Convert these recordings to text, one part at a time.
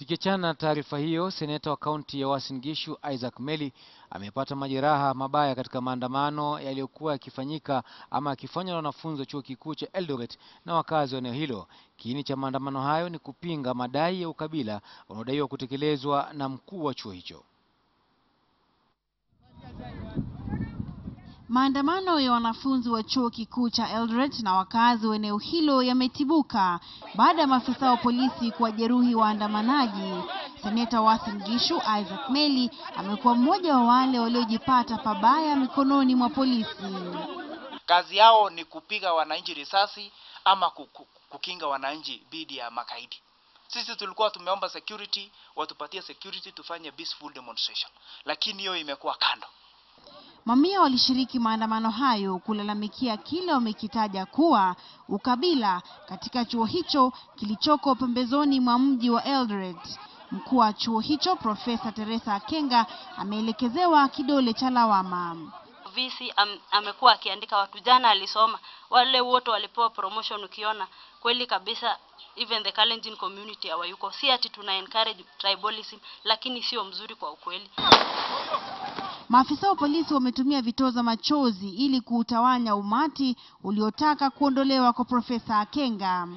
Tukiachana na taarifa hiyo, seneta wa kaunti ya Uasin Gishu Isaac Meli amepata majeraha mabaya katika maandamano yaliyokuwa yakifanyika ama yakifanywa na wanafunzi wa chuo kikuu cha Eldoret na wakazi wa eneo hilo. Kiini cha maandamano hayo ni kupinga madai ya ukabila unaodaiwa kutekelezwa na mkuu wa chuo hicho. Maandamano ya wanafunzi wa chuo kikuu cha Eldoret na wakazi wa eneo hilo yametibuka baada ya maafisa wa polisi kuwajeruhi waandamanaji. Seneta Wathin Gishu Isaac Meli amekuwa mmoja wa wale waliojipata pabaya mikononi mwa polisi. Kazi yao ni kupiga wananchi risasi ama kukinga wananchi dhidi ya makaidi. Sisi tulikuwa tumeomba security, watupatie security tufanye peaceful demonstration, lakini hiyo imekuwa kando. Mamia walishiriki maandamano hayo kulalamikia kile wamekitaja kuwa ukabila katika chuo hicho kilichoko pembezoni mwa mji wa Eldoret. Mkuu wa chuo hicho Profesa Teresa Akenga ameelekezewa kidole cha lawama. Visi am, amekuwa akiandika watu, jana alisoma wale wote walipewa promotion. Ukiona kweli kabisa, even the Kalenjin community hawayuko, si ati tuna encourage tribalism, lakini sio mzuri kwa ukweli. Maafisa wa polisi wametumia vitoza machozi ili kuutawanya umati uliotaka kuondolewa kwa Profesa Akenga.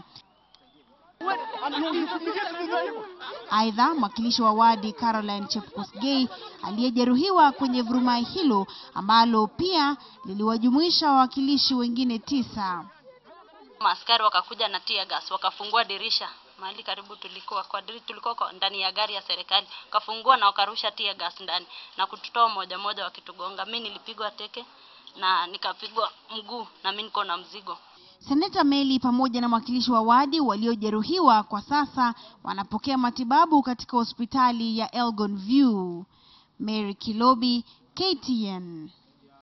Aidha, mwakilishi wa wadi Caroline Chepkosgei aliyejeruhiwa kwenye vurumai hilo ambalo pia liliwajumuisha wawakilishi wengine tisa. Maaskari wakakuja na tear gas, wakafungua dirisha mahali karibu tulikuwa kwa diri, tulikuwa ndani ya gari ya serikali, wakafungua na wakarusha tear gas ndani na kututoa moja moja wakitugonga. Mimi nilipigwa teke na nikapigwa mguu na mimi niko na mzigo. Seneta Meli pamoja na mwakilishi wa wadi waliojeruhiwa kwa sasa wanapokea matibabu katika hospitali ya Elgon View. Mary Kilobi, KTN.